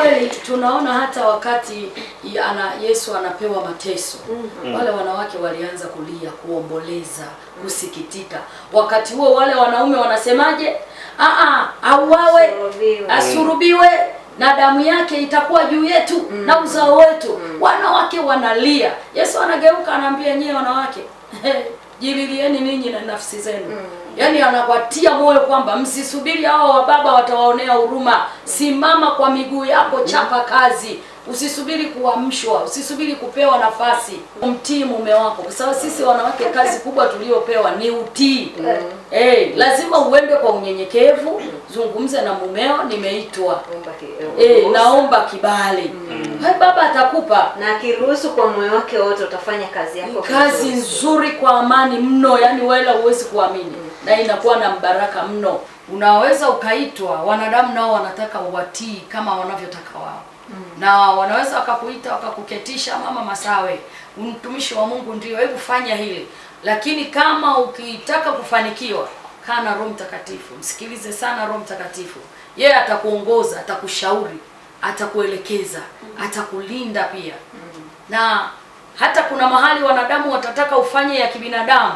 Kweli tunaona hata wakati ana Yesu anapewa mateso mm -hmm. Wale wanawake walianza kulia, kuomboleza, kusikitika. Wakati huo wale wanaume wanasemaje? Aa, auawe, asurubiwe na damu yake itakuwa juu yetu mm -hmm. na mm-hmm. uzao wetu mm -hmm. Wanawake wanalia. Yesu anageuka anaambia, nyie wanawake jililieni ninyi na nafsi zenu mm. Yaani anawatia moyo kwamba msisubiri hao wababa watawaonea huruma, simama kwa miguu yako, chapa kazi. Usisubiri kuamshwa, usisubiri kupewa nafasi. Umtii mume wako, kwa sababu sisi wanawake kazi kubwa tuliopewa ni utii. mm Hey, eh, lazima uende kwa unyenyekevu. zungumze na mumeo, nimeitwa hey, eh, eh, naomba kibali. mm Hai, baba atakupa na akiruhusu kwa moyo wake wote, utafanya kazi yako kazi nzuri kwa amani mno, yani wala huwezi kuamini. mm Na inakuwa na mbaraka mno, unaweza ukaitwa. Wanadamu nao wanataka uwatii kama wanavyotaka wao Mm. na wanaweza wakakuita wakakuketisha, mama Masawe, mtumishi wa Mungu, ndio hebu fanya hili. Lakini kama ukitaka kufanikiwa, kaa na Roho Mtakatifu, msikilize sana Roho Mtakatifu. Yeye atakuongoza, atakushauri, atakuelekeza, mm. atakulinda pia mm. na hata kuna mahali wanadamu watataka ufanye ya kibinadamu,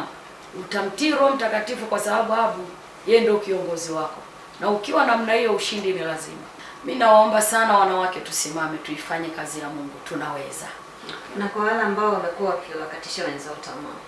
utamtii Roho Mtakatifu kwa sababu yeye ndio kiongozi wako, na ukiwa namna hiyo, ushindi ni lazima. Mimi nawaomba sana wanawake, tusimame tuifanye kazi ya Mungu, tunaweza. Na kwa wale ambao wamekuwa wakiwakatisha wenzao tamaa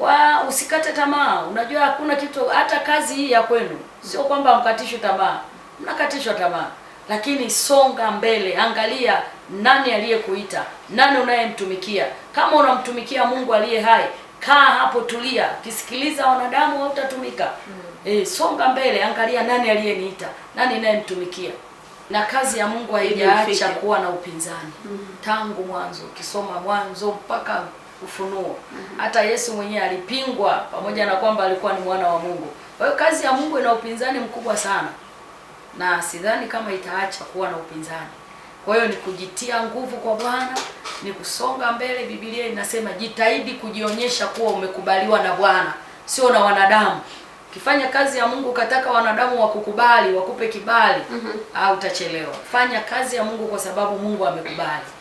wa usikate tamaa. Unajua hakuna kitu, hata kazi hii ya kwenu sio kwamba mkatishwe tamaa, mnakatishwa tamaa, lakini songa mbele, angalia nani aliyekuita, nani unayemtumikia. Kama unamtumikia Mungu aliye hai, kaa hapo, tulia, kisikiliza wanadamu hautatumika. Mm. E, songa mbele, angalia nani aliyeniita, nani nayemtumikia na kazi ya Mungu haijaacha kuwa na upinzani mm -hmm. Tangu mwanzo ukisoma mwanzo mpaka Ufunuo mm hata Yesu mwenyewe alipingwa pamoja na kwamba alikuwa ni mwana wa Mungu. Kwa hiyo kazi ya Mungu ina upinzani mkubwa sana, na sidhani kama itaacha kuwa na upinzani. Kwa hiyo ni kujitia nguvu kwa Bwana, ni kusonga mbele. Biblia inasema jitahidi kujionyesha kuwa umekubaliwa na Bwana, sio na wanadamu kifanya kazi ya Mungu ukataka wanadamu wakukubali, wakupe kibali, mm -hmm. au utachelewa. Fanya kazi ya Mungu kwa sababu Mungu amekubali.